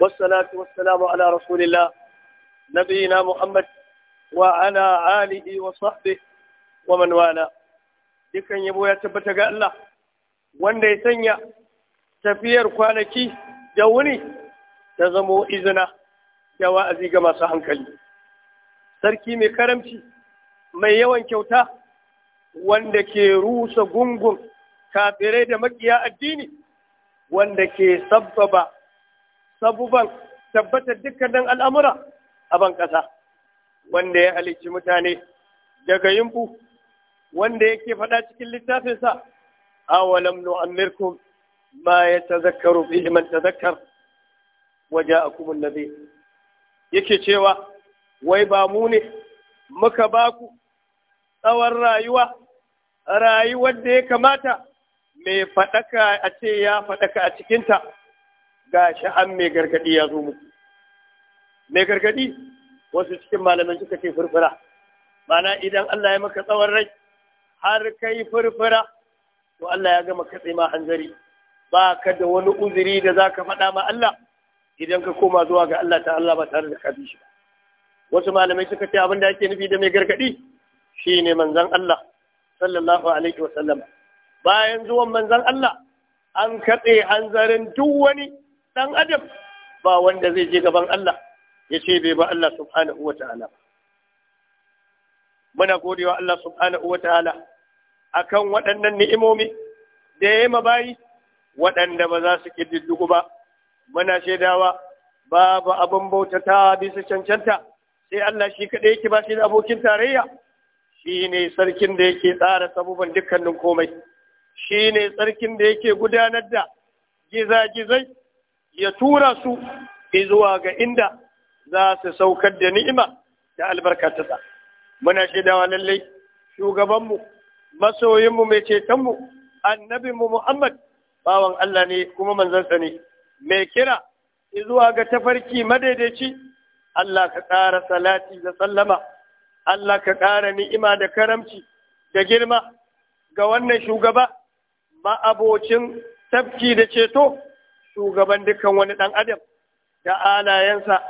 والصلاة والسلام على رسول الله نبينا محمد وعلى آله وصحبه ومن والاه dukan yabo ya tabbata ga Allah wanda ya sanya tafiyar kwanaki da wuni ta zamo izina da wa'azi ga masu hankali sarki mai karamci mai yawan kyauta wanda ke rusa gungun kafirai da makiya addini wanda ke sabbaba sabuban tabbatar dukkanin al'amura a ban ƙasa wanda ya halicci mutane daga yimbu wanda yake faɗa cikin littafinsa awalam nu'ammirkum ma ya tazakkaru fihi man zakar waje a kumin nabi yake cewa wai ba mu ne muka ba ku tsawon rayuwa rayuwar da ya kamata mai faɗaka a ce ya faɗaka a cikinta ga an mai gargadi ya zo muku mai gargadi wasu cikin malaman suka ce furfura mana idan Allah ya maka tsawon rai har kai furfura to Allah ya gama katse ma hanzari ba ka da wani uzuri da za ka faɗa ma Allah idan ka koma zuwa ga Allah ta Allah ba tare da ka bi shi wasu malamai suka ce abin da ake nufi da mai gargadi shine manzon Allah sallallahu alaihi wa sallam bayan zuwan manzon Allah an katse hanzarin duk wani ɗan adam ba wanda zai je gaban Allah ya ce bai ba Allah subhanahu wa ta'ala muna godewa Allah subhanahu wa ta'ala akan waɗannan ni'imomi da ya yi mabayi waɗanda ba za su ƙididdigu ba muna shaidawa babu abin bautata bisa cancanta sai Allah shi kaɗai yake ba shi da abokin tarayya shi ne sarkin da yake tsara sabuban dukkanin komai shi ne tsarkin da yake gudanar da gizagizai ya tura su zuwa ga inda za su saukar da ni'ima da albarkatarsa muna shaidawa lallai shugabanmu masoyinmu mai cetonmu annabinmu Muhammad bawan Allah ne kuma manzansa ne mai kira zuwa ga tafarki madaidaici Allah ka ƙara salati da sallama Allah ka ƙara ni'ima da karamci da girma ga wannan shugaba ma'abocin tafki da ceto shugaban dukkan wani ɗan adam da alayensa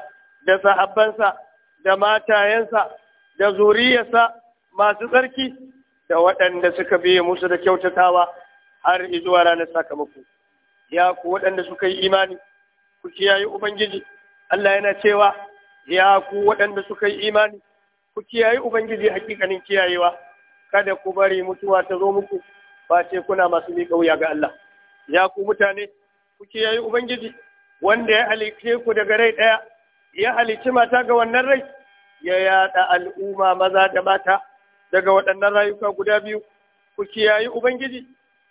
da sahabbansa da matayensa da zuriyarsa masu tsarki da waɗanda suka biye musu da kyautatawa har izuwa ranar sakamako ya ku waɗanda suka yi imani ku kiyaye ubangiji Allah yana cewa ya ku waɗanda suka yi imani ku kiyaye ubangiji hakikanin kiyayewa kada ku bari mutuwa ta zo muku ba ce kuna masu miƙa wuya ga Allah ya ku mutane kuke yayi ubangiji wanda ya halice ku daga rai ɗaya ya halici mata ga wannan rai ya yaɗa al'umma maza da mata daga waɗannan rayuka guda biyu ku yayi ubangiji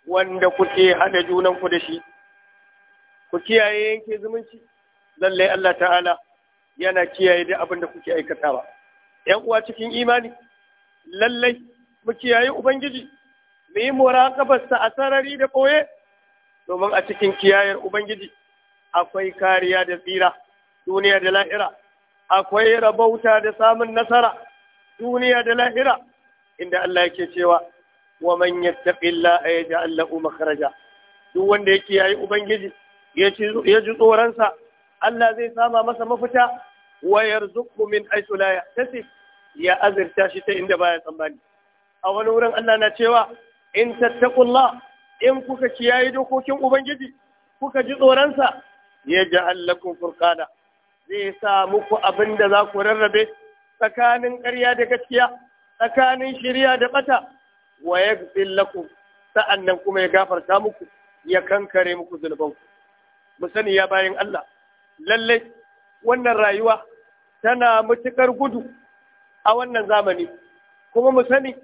wanda kuke haɗa junanku da shi ku kiyaye yanke zumunci lallai Allah ta'ala yana kiyaye da abin da kuke aikatawa ‘yan uwa cikin imani lallai mu kiyaye ubangiji mu yi a sarari da ɓoye domin a cikin kiyayar ubangiji akwai kariya da tsira duniya da lahira akwai rabauta da samun nasara duniya da lahira inda Allah yake cewa wa man a yaji lahu makaraja. duk wanda ya kiyayi ubangiji ya ji tsoron sa Allah zai sama masa mafita wayar zukumin min haythu la ya azirta shi ta inda baya tsammani a wani wurin Allah na cewa in tattaqullah in kuka kiyaye dokokin ubangiji kuka ji tsoronsa ya ji allakun furkana zai sa muku abin da za ku rarrabe tsakanin ƙarya da gaskiya tsakanin shirya da bata wa ya lakum sa'an nan kuma ya gafarta muku ya kankare muku zunubanku mu sani ya bayan Allah lallai wannan rayuwa tana matuƙar gudu a wannan zamani kuma mu sani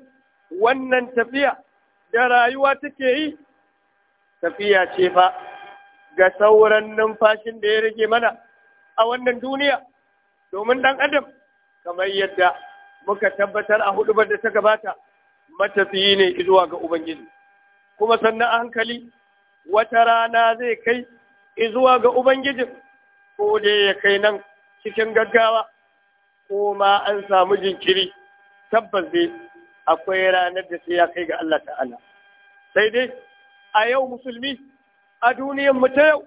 wannan tafiya da rayuwa take yi tafiya ce fa ga sauran numfashin da ya rage mana a wannan duniya domin ɗan adam kamar yadda muka tabbatar a hudubar da ta gabata matafiyi ne zuwa ga ubangiji kuma sannan a hankali wata rana zai kai zuwa ga ubangijin ko dai ya kai nan cikin gaggawa ko ma an samu jinkiri tabbas dai akwai ranar da sai ya kai ga Allah ta'ala sai dai a yau musulmi a duniyar mu ta yau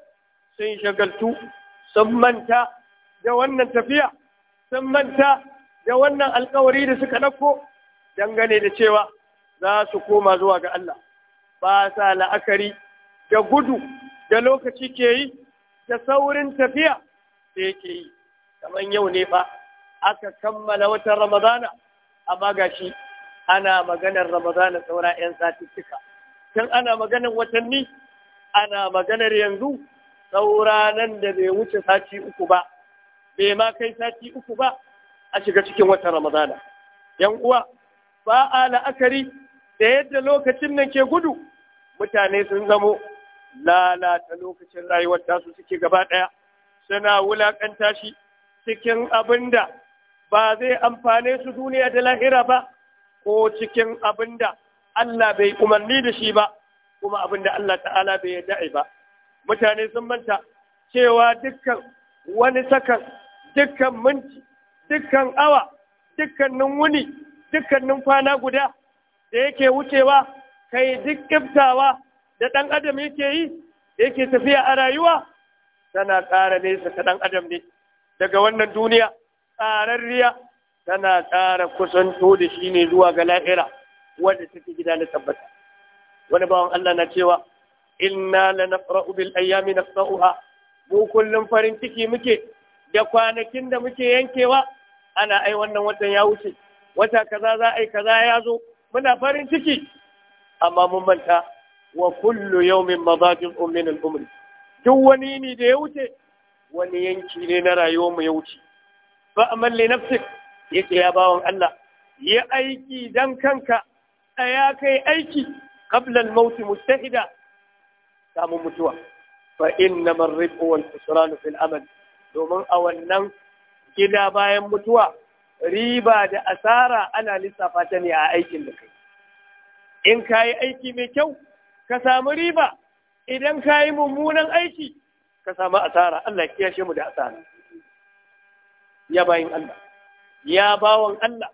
sun shagaltu sun manta da wannan tafiya sun manta da wannan alkawari da suka ɗauko dangane da cewa za su koma zuwa ga Allah ba sa la'akari da gudu da lokaci ke yi da saurin tafiya da yake yi kamar yau ne ba aka kammala watan ramadana amma gashi ana maganar ramadana saura 'yan satuttuka can ana maganar watanni ana maganar yanzu sauranan da bai wuce sati uku ba bai ma kai sati uku ba a shiga cikin watan ramadana yan uwa ba a la'akari da yadda lokacin nan ke gudu mutane sun zamo lalata lokacin rayuwar tasu suke gaba ɗaya suna wulaƙanta shi cikin abin da ba zai amfane su duniya da lahira ba ko cikin abin da Allah bai umarni da shi ba kuma abin da Allah ta'ala bai yi ba mutane sun manta cewa dukkan wani sakan dukkan minti dukkan awa dukkanin wuni dukkanin kwana guda da yake wucewa kai duk kiftawa da ɗan adam yake yi da yake tafiya a rayuwa tana ƙara nesa ta ɗan adam ne daga wannan duniya ƙararriya tana ƙara kusanto da shi ne zuwa ga la'ira wanda take gida na tabbata wani bawan Allah na cewa inna lanafra'u bil ayyami nafsa'uha mu kullum farin ciki muke da kwanakin da muke yankewa ana ai wannan watan ya wuce wata kaza za a yi kaza ya zo muna farin ciki amma mun manta wa kullu yawmin madajin ummin al-umri duk wani ne da ya wuce wani yanki ne na rayuwar mu ya wuce fa amal li nafsik yake ya bawon Allah ya aiki dan kanka Ya kai aiki qabla mauti mustahida samun mutuwa fa innama ar wal khusran fil amal domin a wannan gida bayan mutuwa riba da asara ana lissafa ta ne a aikin da kai in kayi aiki mai kyau ka samu riba idan kayi mummunan aiki ka samu asara Allah ya kiyashe mu da asara ya bayin Allah ya bawan Allah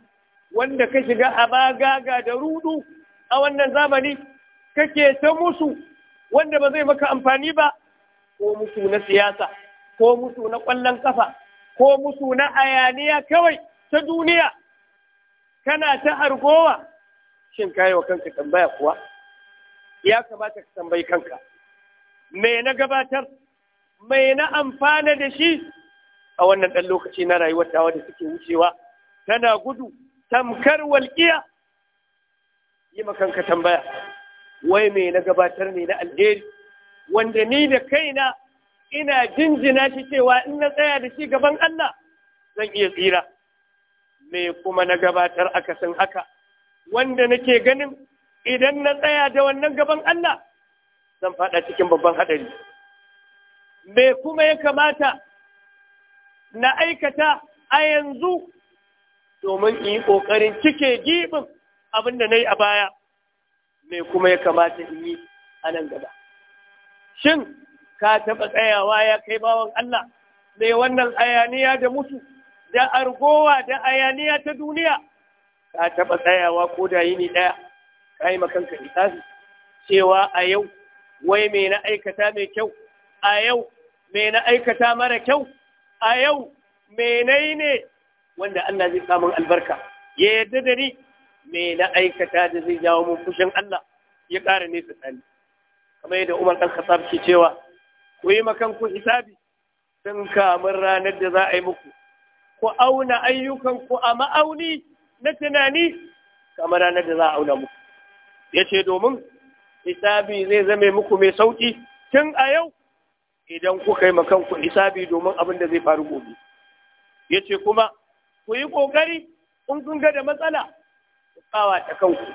wanda ka shiga a bagaga da rudu a wannan zamani kake ta musu wanda ba zai maka amfani ba ko musu na siyasa ko musu na ƙwallon kafa ko musu na ayaniya kawai ta duniya kana ta argowa shin kayo wa kanka tambaya kuwa ya kamata ka tambayi kanka me na gabatar me na amfana da shi a wannan ɗan lokaci na rayuwar tawa da suke wucewa tana gudu tamkar walƙiya yi makanka tambaya wai me na gabatar ne na alheri wanda ni da kaina ina jinjina shi cewa in na tsaya da shi gaban Allah zan iya tsira me kuma na gabatar akasin haka wanda nake ganin idan na tsaya da wannan gaban Allah zan faɗa cikin babban haɗari. me kuma ya kamata na aikata a yanzu domin in yi ƙoƙarin cike gibin abin da na yi a baya me kuma ya kamata in yi a nan gaba shin ka taɓa tsayawa ya kai bawan Allah mai wannan ayaniya da mutu da argowa da ayaniya ta duniya ka taɓa tsayawa ko da yini ɗaya ka yi makanka isafi cewa a yau wai me na aikata mai kyau a yau me na aikata mara kyau a yau yi ne wanda Allah zai samun albarka ya yadda da ni me na aikata da zai jawo mun fushin Allah ya ƙara ne tsani kamar yadda Umar ɗan Khattab ke cewa ku yi makan ku hisabi sun kamar ranar da za a yi muku ku auna ayyukan ku a ma'auni na tunani kamar ranar da za a auna muku ya ce domin hisabi zai zame muku mai sauƙi tun a yau idan kuka yi makan ku hisabi domin abin da zai faru gobe ya ce kuma ku yi ƙoƙari in kun ga da matsala ku tsawa ta kanku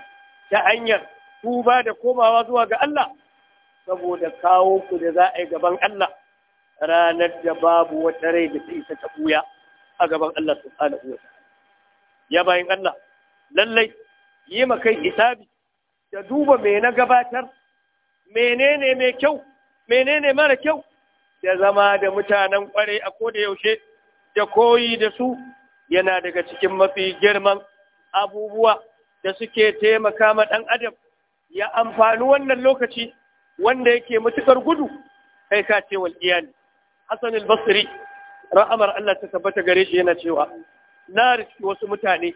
ta hanyar tuba da komawa zuwa ga Allah saboda kawo ku da za a yi gaban Allah ranar da babu wata rai da ta ta buya a gaban Allah subhanahu wa ya bayin Allah lallai yi ma kai hisabi da duba me na gabatar menene mai kyau menene mara kyau da zama da mutanen kware a koda yaushe da koyi da su yana daga cikin mafi girman abubuwa da suke taimaka ma ɗan adam ya amfani wannan lokaci wanda yake matukar gudu kai ka ce wal iyali hasan al-basri ra'amar Allah ta tabbata gare shi yana cewa na rishi wasu mutane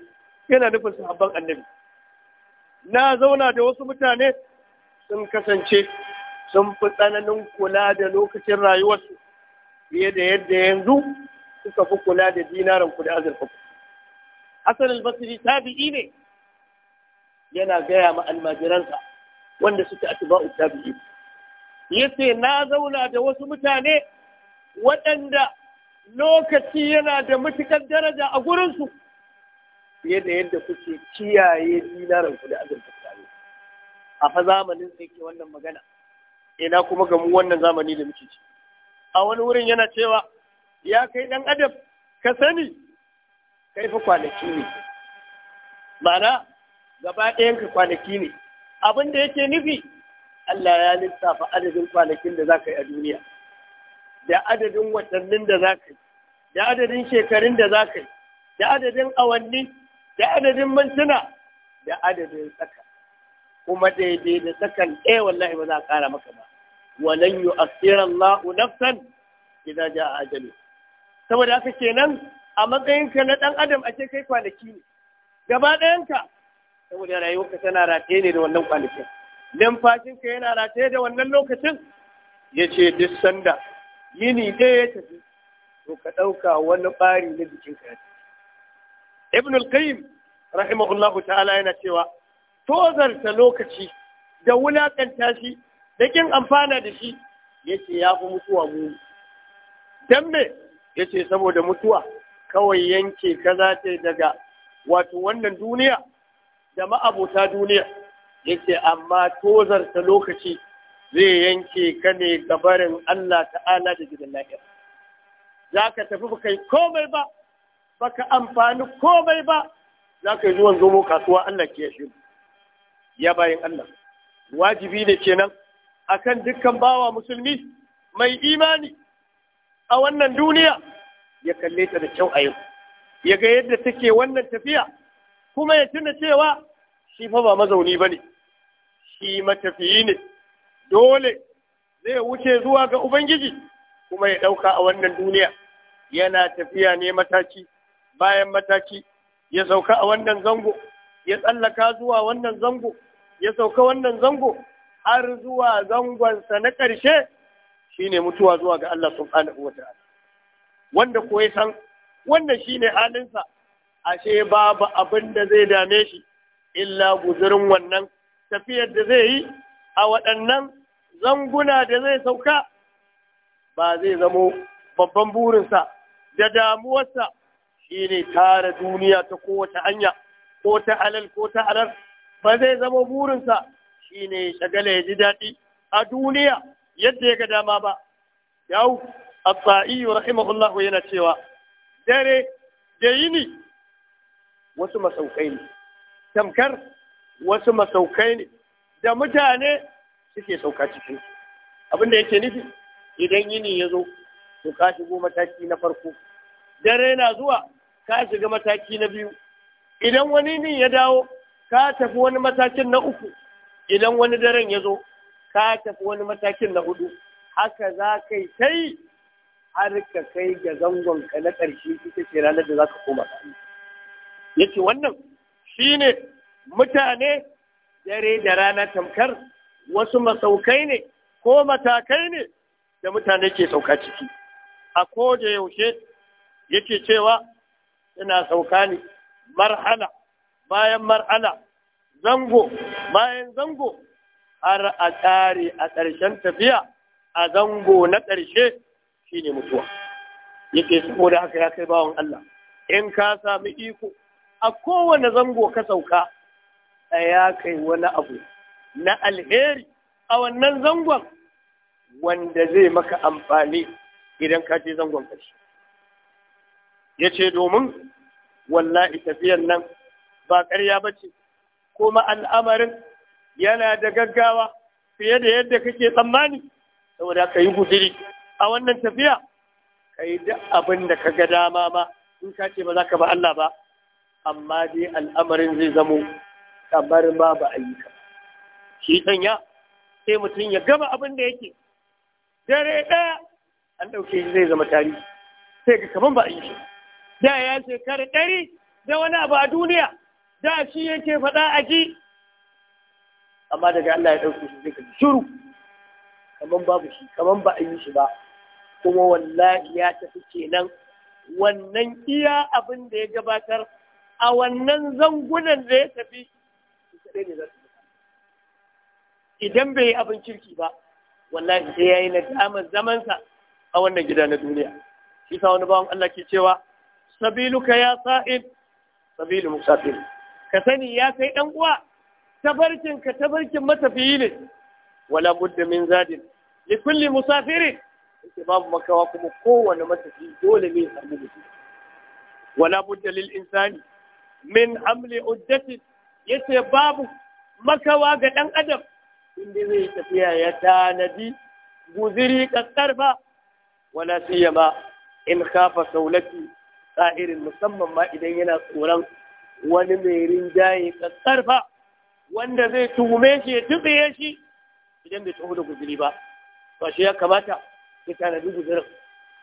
yana nufin sahabban annabi na zauna da wasu mutane sun kasance sun fi tsananin kula da lokacin rayuwarsu fiye da yadda yanzu suka fi kula da dinarin ku da azurfa ku Hassan al-Basri tabi'i ne yana gaya ma almajiransa wanda suke atiba'u tabi'i ce na zauna da wasu mutane waɗanda lokaci yana da matukar daraja a gurinsu fiye da yadda kuke kiyaye dinarin ku da azurfa ku a fa zamanin sai ke wannan magana ina kuma ga mu wannan zamani da muke ci a wani wurin yana cewa ya kai ɗan adam ka sani kai fa kwanaki ne ma'ana gaba ɗayan ka kwanaki ne abin da yake nufi Allah ya lissafa adadin kwanakin da za ka yi a duniya da adadin watannin da za ka yi da adadin shekarun da za ka yi da adadin awanni da adadin mantuna da adadin tsaka kuma daidai da tsakan ɗaya wallahi ba za a ƙara maka ba walan yu'akhkhira Allahu nafsan idza ja'a ajaluha saboda haka kenan a matsayinka na ɗan adam ake kai kwanaki ne gaba ɗayanka saboda rayuwarka tana rataye ne da wannan kwanakin numfashinka yana rataye da wannan lokacin ya ce duk sanda yini ɗaya ya tafi to ka ɗauka wani ɓari na jikinka ya ibn al-qayyim rahimahullahu ta'ala yana cewa tozarta lokaci da wulakanta shi da kin amfana da shi yace ya fi mutuwa mu dan me ya ce saboda mutuwa kawai yanke ka za daga wato wannan duniya da ma'abota duniya ya ce amma tozarta lokaci zai yanke ka ne gabarin Allah ta'ala da gidan lafiya za ka tafi ba kai komai ba baka amfani komai ba za ka yi zuwan zomo kasuwa Allah ke shi ya bayan Allah wajibi ne kenan akan dukkan bawa musulmi mai imani a wannan duniya ya kalle ta da kyau a yau ya ga yadda take wannan tafiya kuma ya tuna cewa shi fa ba mazauni ba ne shi matafiyi ne dole zai wuce zuwa ga ubangiji kuma ya ɗauka a wannan duniya yana tafiya ne mataki bayan mataki ya sauka a wannan zango ya tsallaka zuwa wannan zango ya sauka wannan zango har zuwa zangonsa na ƙarshe Shi ne mutuwa zuwa ga Allah subhanahu wata'ala wanda ko ya san wannan ne halinsa ashe babu abin da zai dame shi illa guzurin wannan tafiyar da zai yi a waɗannan zanguna da zai sauka ba zai zamo babban burinsa da damuwarsa shi ne tara duniya ta kowace hanya ko ta halal ko ta halar ba zai zama burinsa shine shagala ya ji daɗi a duniya yadda ya ga dama ba Yau, as rahimahullahu yana cewa dare da yini wasu masaukai ne tamkar wasu masaukai ne da mutane suke sauka cikin abin da yake nufi idan yini ya zo to ka shigo mataki na farko dare na zuwa ka shiga mataki na biyu idan wani ni ya dawo ka tafi wani matakin na uku idan wani daren ya zo ka tafi wani matakin na hudu haka za ka yi ta yi har ka kai ga zangon ka na ƙarshe ita ce ranar da za ka koma ka ya ce wannan shi ne mutane dare da rana tamkar wasu masaukai ne ko matakai ne da mutane ke sauka ciki a ko da yaushe yake cewa yana sauka ne marhala bayan marhala zango bayan zango har a tsare a ƙarshen tafiya a zango na ƙarshe shine mutuwa yake saboda haka ya kai bawan Allah in ka sami iko a kowane zango ka sauka a ya kai wani abu na alheri a wannan zangon wanda zai maka amfani idan ka je zangon ƙarshe ya ce domin wallahi tafiyan nan ba ƙarya ba ce kuma al'amarin yana da gaggawa fiye da yadda kake tsammani saboda ka yi guduri a wannan tafiya ka yi duk abin da ka ga dama ma in ka ce ba za ka ba Allah ba amma dai al'amarin zai zamo kamar ma ba ayyuka shi sanya sai mutum ya gama abin da yake dare ɗaya an ɗauke shi zai zama tarihi sai ga kamar ba ayyuka da ya shekara ɗari da wani abu a duniya da shi yake faɗa a ji amma daga Allah ya ɗauke shi zai kaji shiru kaman babu shi kaman ba a yi shi ba kuma wallahi ya tafi kenan wannan iya abin da ya gabatar a wannan zangunan da ya tafi ɗaya ne za su idan bai yi abin kirki ba wallahi sai ya yi damar zamansa a wannan gida na duniya shi sa wani bawan Allah ke cewa sabiluka ya sa'id sabilu musafir ka sani ya kai ɗan uwa tabarkin ka tabarkin matafiyi ne wala budda min zadin li kulli musafirin yake babu makawa kuma kowane matafiyi dole ne ya samu mutum wala budda lil insani min amli uddati yace babu makawa ga dan adam inda zai tafiya ya tanadi guziri kaskarfa wala siyama in khafa saulati qa'irin musamman ma idan yana tsoron wani mai rinjaye kaskarfa wanda zai tuhume shi ya tuɓe shi idan bai tuhu da guzuri ba to shi ya kamata ya tanadi guzurin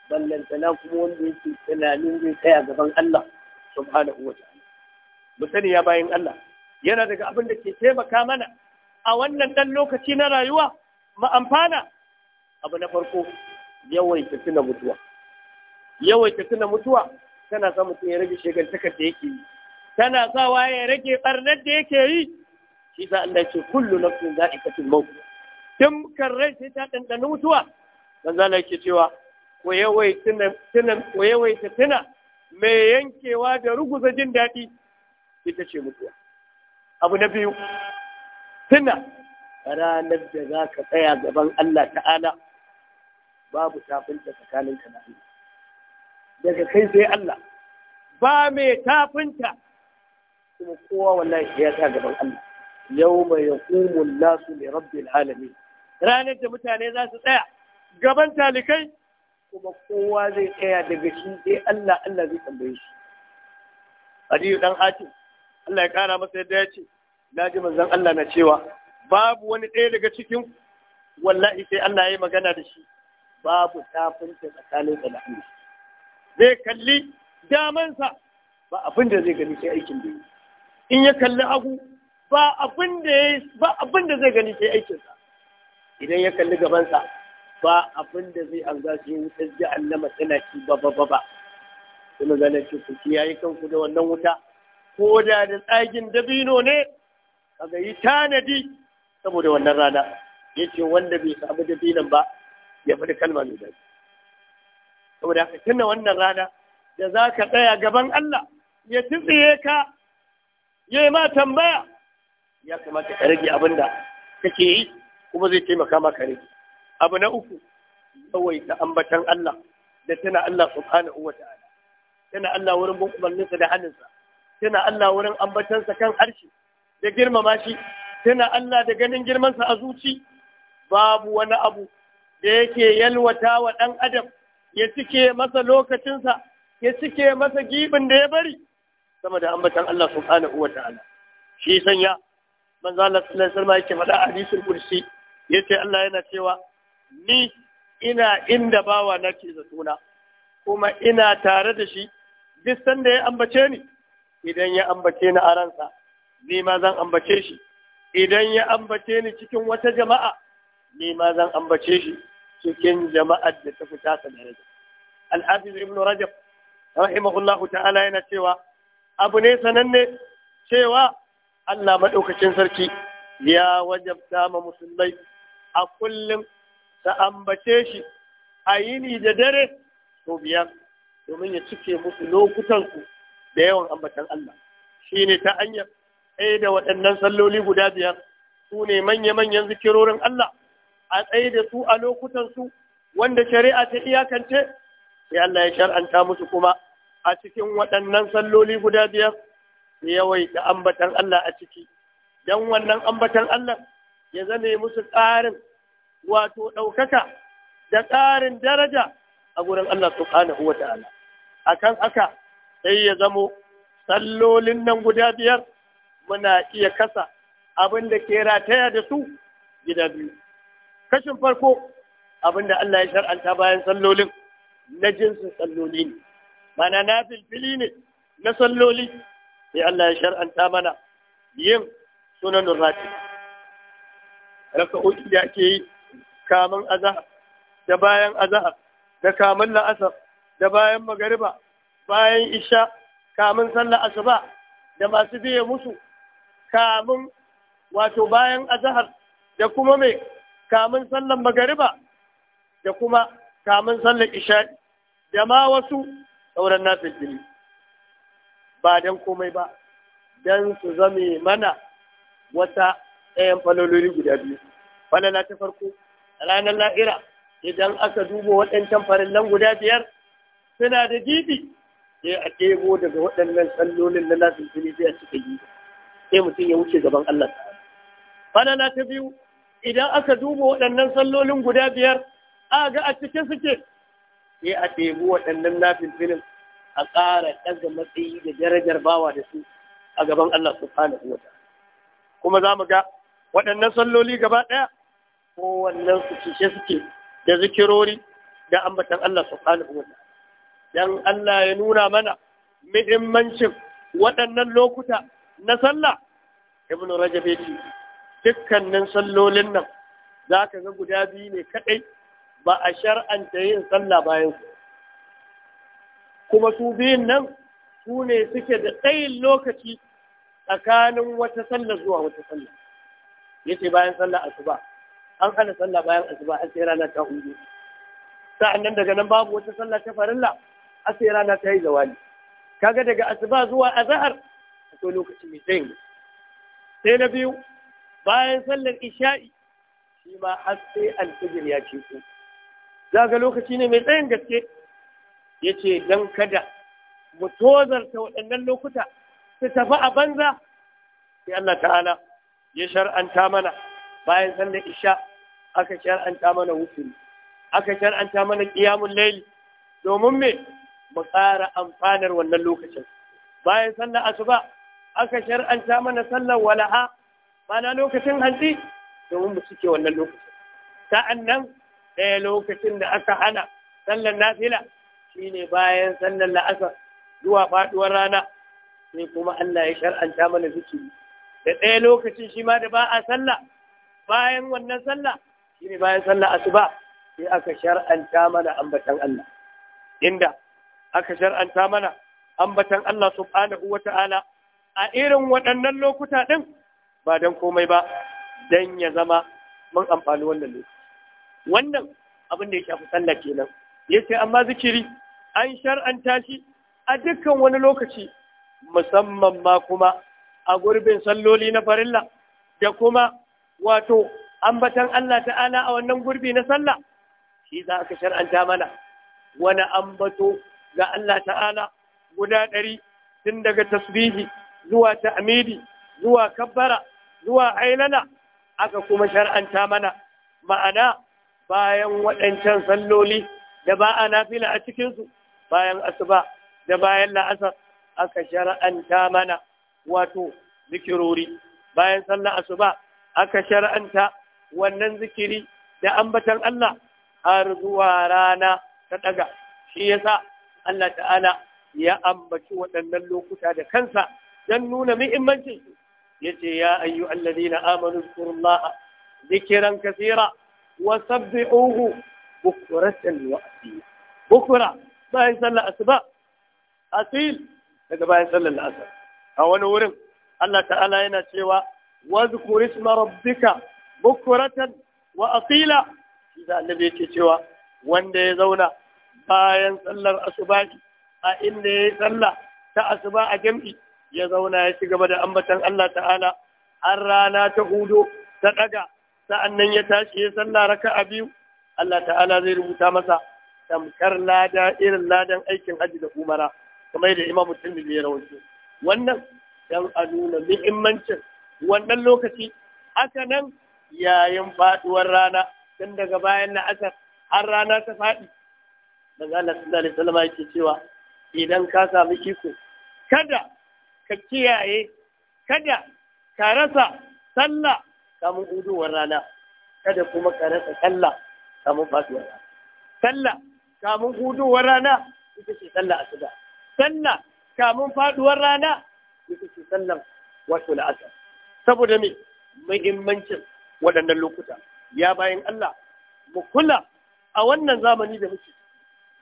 ballantana kuma wanda yake tunanin zai tsaya gaban Allah subhanahu wa ta'ala mu sani ya bayan Allah yana daga abin da ke taimaka mana a wannan dan lokaci na rayuwa mu amfana abu na farko yawaita tuna mutuwa yawaita tuna mutuwa tana sa mutum ya rage shegantakar da yake yi tana sawa ya rage barnar da yake yi shi sa Allah ce kullu nafsin za'iqatul maut tun rai sai ta dandana mutuwa manzo Allah yake cewa ko yawaita tuna ko ta tuna mai yankewa da ruguza jin daɗi ita ce mutuwa abu na biyu tuna ranar da za ka tsaya gaban Allah ta'ala babu tafinta ka da Allah daga kai sai Allah ba mai tafinta kuma kowa wallahi ya ta gaban Allah yawma ya kuma nasu li rabbi alamin ranar da mutane za su tsaya gaban talikai kuma kowa zai tsaya daga shi sai Allah Allah zai tambaye shi Aliyu dan Hatim Allah ya kara masa yadda ya ce na ji manzon Allah na cewa babu wani ɗaya daga cikin wallahi sai Allah ya yi magana da shi babu tafinta tsakanin da zai kalli damansa ba abin da zai gani sai aikin da in ya kalli hagu ba abin da zai gani sai aikinsa idan ya kalli gabansa ba abin da zai an za su yi wutar jahannama tana ci ba ba ba ba kuma ganin ci ku yayi kanku da wannan wuta ko da da tsagin dabino ne kaga yi tanadi saboda wannan rana ya yace wanda bai samu dabinan ba ya fi kalma mai daɗi saboda haka tuna wannan rana da za ka tsaya gaban Allah ya tsitsiye ka ya yi ma tambaya ya kamata ka rage abin da kake yi kuma zai taimaka maka rage abu na uku ta ambatan Allah da tana Allah subhanahu wa ta'ala tana Allah wurin bin umarninsa da hannunsa tana Allah wurin ambatansa kan harshe da girmama shi tana Allah da ganin girmansa a zuci babu wani abu da yake yalwata wa ɗan adam ya cike masa lokacinsa ya cike masa gibin da ya bari sama da ambatan Allah subhanahu wa ta'ala shi sanya manzo Allah sallallahu alaihi wasallam yake faɗa a hadisul kursi yace Allah yana cewa ni ina inda bawa nake zatona kuma ina tare da shi duk sanda ya ambace ni idan ya ambace ni a ransa ni ma zan ambace shi idan ya ambace ni cikin wata jama'a ni ma zan ambace shi cikin jama'ar da ta fita sa daraja al-hafiz ibn rajab rahimahullahu ta'ala yana cewa abu ne sananne cewa Allah maɗaukacin sarki ya wajabta ma musulmai a kullum ta ambace shi a yini da dare to biyar domin ya cike musu lokutansu da yawan ambatan Allah shi ne ta hanyar Ɗaya da waɗannan salloli guda biyar su ne manya-manyan zikirorin Allah a tsaye da su a lokutansu wanda shari'a ta iyakance sai Allah ya shar'anta musu kuma a cikin waɗannan salloli guda biyar yawai yawaita ambatan Allah a ciki Don wannan ambatan Allah ya zane musu ƙarin wato ɗaukaka da ƙarin daraja a gurin Allah subhanahu wa ta'ala kan aka sai ya zamo sallolin nan guda biyar muna iya kasa abin da ke rataya da su gida biyu kashin farko abin da Allah ya shar'anta bayan sallolin na jinsin salloli ne mana na filfili ne na salloli sai Allah ya shar'anta mana yin sunan rati raka uku da ake yi kamun azahar da bayan azahar da kamun la'asar da bayan magariba bayan isha kamun sallar asuba da masu biye musu kamun wato bayan azahar da kuma mai kamun sallar magariba da kuma kamun sallar isha'i da ma wasu sauran nafil ba don komai ba don su zame mana wata ɗayan falololi guda biyu falala ta farko ranar la'ira idan aka duba waɗancan farillan guda biyar suna da gibi sai a ɗebo daga waɗannan tsallolin na lafin tuni sai a cika yi sai mutum ya wuce gaban Allah falala ta biyu idan aka duba waɗannan sallolin guda biyar a ga a cikin suke sai a ɗebo waɗannan lafin filin a ƙara ɗaga matsayi da darajar bawa da su a gaban Allah subhanahu wa kuma za mu ga waɗannan salloli gaba ɗaya kowannen su cishe suke da zikirori da ambatan Allah subhanahu wa Don Allah ya nuna mana muhimmancin waɗannan lokuta na sallah ibnu rajab dukkanin sallolin nan za ka ga guda biyu ne kaɗai ba a shar'anta yin sallah bayansu. kuma su biyun nan su ne suke da tsayin lokaci tsakanin wata sallah zuwa wata sallar yace bayan sallah asuba an hana sallah bayan asuba har sai rana ta hudu sa'an nan daga nan babu wata sallah ta farilla har sai rana ta yi zawali kaga daga asuba zuwa azhar akwai lokaci mai tsayin sai na biyu bayan sallar isha'i shi ma har sai alfijir ya ce ku za ga lokaci ne mai tsayin gaske ya ce don kada mu tozarta waɗannan lokuta su tafi a banza sai Allah ta'ala ya shar'anta mana bayan sallar isha aka shar'anta mana wuturi aka shar'anta mana ƙiyamun laili domin me mu ƙara amfanar wannan lokacin bayan sallar asuba aka shar'anta mana sallar wala'a. mana lokacin hantsi domin mu cike wannan lokacin sa'an ɗaya lokacin da aka hana sallar nafila Shi ne bayan sannan la'asar zuwa faduwar rana sai kuma Allah ya shar'anta mana zikiri da ɗaya lokacin shi ma da ba a sallah bayan wannan sallah ne bayan sallah asuba sai aka shar'anta mana ambatan Allah inda aka shar'anta mana ambatan Allah subhanahu ta'ala a irin waɗannan lokuta ɗin ba don komai ba don ya zama mun amfani wannan lokaci wannan abin da ya shafi sallah kenan yace amma zikiri an shar'anta shi a dukkan wani lokaci musamman ma kuma a gurbin salloli na farilla da kuma wato ambatan Allah ta'ala a wannan gurbi na sallah shi za ka shar'anta mana wani ambato ga Allah ta'ala guda ɗari tun daga tasbihi zuwa ta'amidi zuwa kabbara zuwa ailana aka kuma shar'anta mana ma'ana bayan waɗancan salloli da ba a nafila a cikinsu bayan asuba da bayan la'asar aka shara'anta mana wato zikirori bayan sallar asuba aka shara'anta wannan zikiri da ambatan Allah har zuwa rana ta daga shi yasa Allah ta'ala ya ambaci waɗannan lokuta da kansa don nuna muhimmancin su yace ya ayyuhallazina amanu zkurullaha zikran kaseera wa sabbihuhu bukuratan wa bukura bayan sallar asuba asil daga bayan sallar asar a wani wurin Allah ta'ala yana cewa wazkur isma rabbika bukuratan wa asila shi cewa wanda ya zauna bayan sallar asuba a inda ya yi sallah ta asuba a jam'i ya zauna ya ci gaba da ambatan Allah ta'ala an rana ta hudu ta ɗaga sa'annan ya tashi ya sallah raka a biyu Allah ta'ala zai rubuta masa tamkar lada irin ladan aikin hajji da umara kamar da imamu tirmidhi ya rawaito wannan dan a nuna muhimmancin wannan lokaci haka nan yayin faduwar rana tun daga bayan na asar har rana ta faɗi manzo Allah sallallahu alaihi yake cewa idan ka sami iko kada ka kiyaye kada ka rasa sallah kamun uduwar rana kada kuma ka rasa sallah kamun faduwar rana sallah kamun hudowar rana ita ce sallah asuba sallah kamun faduwar rana ita ce wato la'asar saboda me muhimmancin waɗannan lokuta ya bayan Allah mu kula a wannan zamani da muke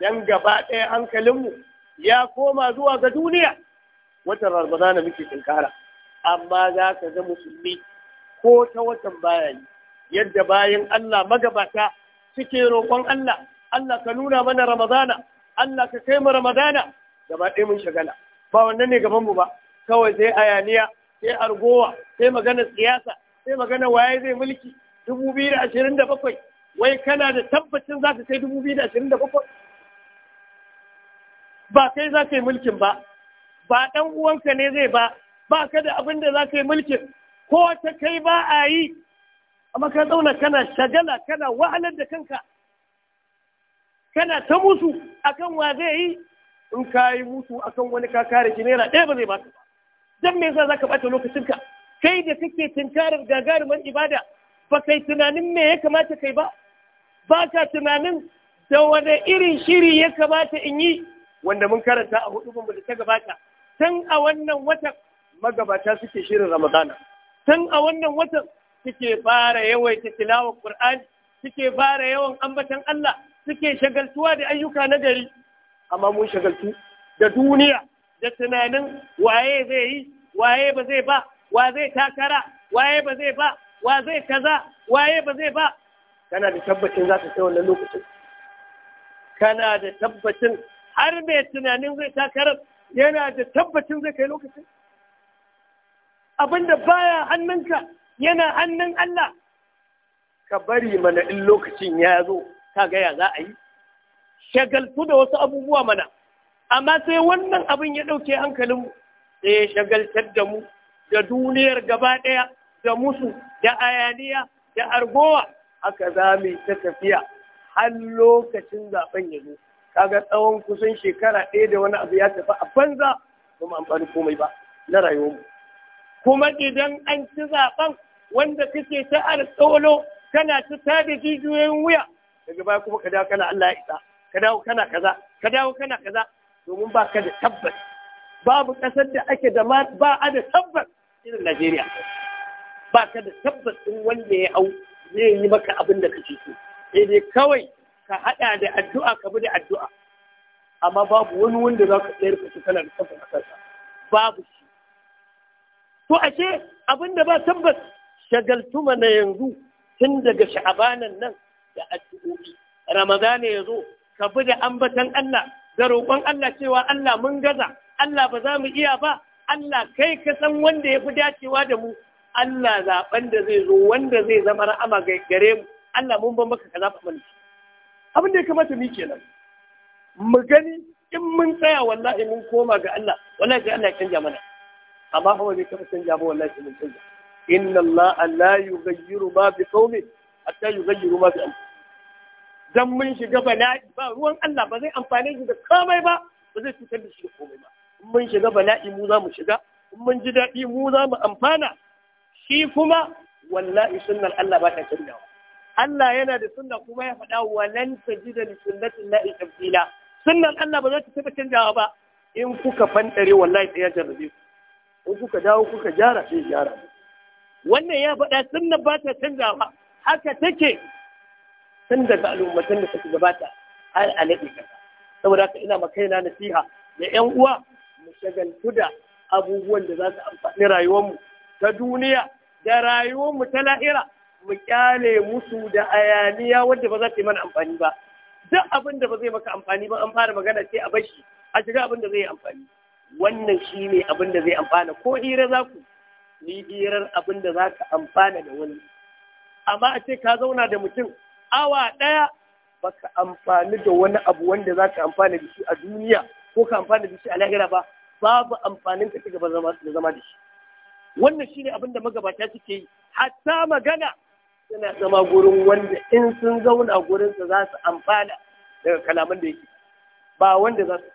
dan gaba ɗaya hankalinmu ya koma zuwa ga duniya watan ramadana muke tunkara amma za ka ga musulmi ko ta watan bayani. yadda bayan Allah magabata suke roƙon Allah Allah ka nuna mana Ramadana Allah ka kai mu Ramadana gaba ɗaya mun shagala ba wannan ne gaban mu ba kawai sai ayaniya sai argowa sai magana siyasa sai magana waye zai mulki Dubu biyu da da ashirin bakwai, wai kana da tabbacin za ka kai dubu biyu da da ashirin bakwai? ba kai za ka yi mulkin ba ba ɗan uwanka ne zai ba ba ka da abin da za ka yi mulkin ko ta kai ba a yi amma ka zauna kana shagala kana wahalar da kanka kana ta musu akan wa zai yi in ka yi musu akan wani ka kare ki naira ɗaya ba zai baka dan me yasa zaka bata lokacinka kai da kake tinkarar gagarumar ibada ba kai tunanin me ya kamata kai ba ba ka tunanin da wani irin shiri ya kamata in yi wanda mun karanta a hudu da ta gabata tun a wannan watan magabata suke shirin ramadana tun a wannan watan suke fara yawaita tilawar Qur'ani suke fara yawan ambaton Allah suke shagaltuwa da ayyuka na gari amma mun shagaltu da duniya da tunanin waye zai yi waye ba zai ba wa zai takara waye ba zai ba wa zai kaza waye ba zai ba kana da tabbacin za ka kai wannan lokacin kana da tabbacin har mai tunanin zai takarar yana da tabbacin zai kai lokacin abinda baya hannunka yana hannun Allah ka bari mana in lokacin ya zo ka gaya za a yi shagaltu da wasu abubuwa mana amma sai wannan abin ya ɗauke hankalin sai ya shagaltar da mu da duniyar gaba ɗaya da musu da ayaniya da argowa aka za mu ta tafiya har lokacin zaɓen ya zo kaga tsawon kusan shekara ɗaya da wani abu ya tafi a banza kuma amfani komai ba na rayuwa. kuma idan an ci zaɓen wanda kake ta alƙawalo kana ta tada jijiyoyin wuya daga baya kuma ka dawo kana Allah ya isa ka dawo kana kaza ka dawo kana kaza domin ba ka da tabbas babu ƙasar da ake da ba a da tabbas irin Najeriya ba ka da tabbas ɗin wanda ya hau zai yi maka abin da kake so sai dai kawai ka haɗa da addu'a ka bi da addu'a amma babu wani wanda za ka tsayar ka kana da tabbas a kansa babu shi to ashe abin da ba tabbas Shagaltuma na yanzu tun daga sha'abanan nan da addu'o'i ramadana ya zo ka bi da ambatan Allah da roƙon Allah cewa Allah mun gaza Allah ba za mu iya ba Allah kai ka san wanda ya fi dacewa da mu Allah zaɓen da zai zo wanda zai zama ra'ama gare mu Allah mun ban maka ka zaɓa mana abin da ya kamata mu kenan mu gani in mun tsaya wallahi mun koma ga Allah wallahi ga Allah ya canja mana amma hawa bai kafa canja ba wallahi mun canja inna Allah la yughayyiru ma bi qaumin hatta yughayyiru ma bi dan mun shiga bala'i ba ruwan Allah ba zai amfane shi da komai ba ba zai cutar da shi da komai ba in mun shiga bala'i mu za mu shiga in mun ji daɗi mu za mu amfana shi kuma wallahi sunnar Allah ba ta canjawa Allah yana da sunna kuma ya faɗa wa lan tajida li sunnatin la'i tabdila sunnar Allah ba za ta taɓa canjawa ba in kuka fanɗare wallahi sai ya jarrabe ku in kuka dawo kuka gyara sai gyara mu wannan ya faɗa sunna ba ta canzawa haka take tun daga al'ummatan da suka gabata har a alaɗe kasa. saboda haka ina ma kaina nasiha da ƴan uwa mu shagaltu da abubuwan da za su amfani rayuwarmu ta duniya da rayuwarmu ta lahira mu kyale musu da ayaniya wadda ba za ta yi mana amfani ba duk abin da ba zai maka amfani ba an fara magana sai a bashi a shiga abin da zai yi amfani wannan shine abin da zai amfana ko hira za ku ni hirar abin da za ka amfana da wani amma a ce ka zauna da mutum awa ɗaya ba ka amfani da wani abu wanda za ka amfana da shi a duniya ko ka amfana da shi a lahira ba babu amfanin ka gaba da zama da shi wannan ne abin da magabata suke yi hatta magana suna zama gurin wanda in sun zauna gurinsa za su amfana daga kalaman da yake ba wanda za su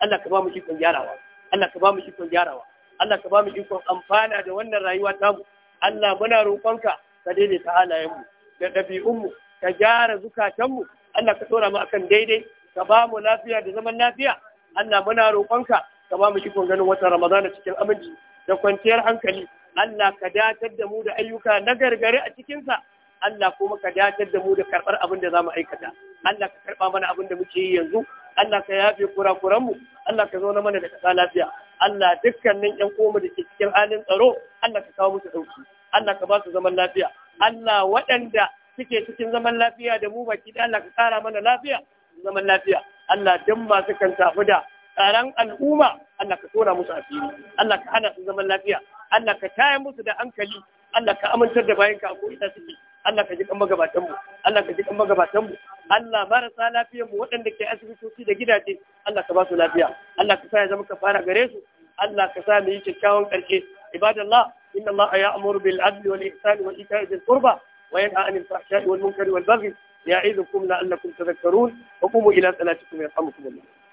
Allah ka ba mu shi gyarawa Allah ka ba mu shi gyarawa Allah ka ba mu ikon amfana da wannan rayuwa tamu Allah muna roƙonka ka daidaita halayenmu da ɗabi'unmu ka gyara zukatanmu Allah ka ɗora mu akan daidai ka ba mu lafiya da zaman lafiya Allah muna roƙonka ka ba mu ikon ganin watan Ramadana cikin aminci da kwanciyar hankali Allah ka datar da mu da ayyuka na gargare a cikinsa Allah kuma ka datar da mu da karɓar abin da za mu aikata Allah ka karɓa mana abin da muke yi yanzu Allah ka yafe kurakuranmu Allah ka zauna mana da kasa lafiya Allah dukkanin ƴan koma da ke cikin halin tsaro Allah ka kawo musu ɗauki Allah ka ba su zaman lafiya Allah waɗanda suke cikin zaman lafiya da mu baki da Allah ka ƙara mana lafiya zaman lafiya Allah duk masu kan tafi da tsaron al'umma Allah ka tona musu asiri Allah ka hana su zaman lafiya Allah ka taya musu da hankali Allah ka amintar da bayanka a ko suke Allah ka ji kan magabatan mu Allah ka ji kan magabatan mu Allah marasa lafiyar mu waɗanda ke asibitoci da gidaje Allah ka ba su lafiya Allah ka sa ya zama kafara gare su Allah ka sa mu yi kyakkyawan ƙarshe ibadallah inna Allah ya'muru bil adli wal ihsani wa ita'i dhil qurba wa yanha 'anil fahsha'i wal munkari wal baghi يعظكم لعلكم تذكرون وقوموا إلى صلاتكم يرحمكم الله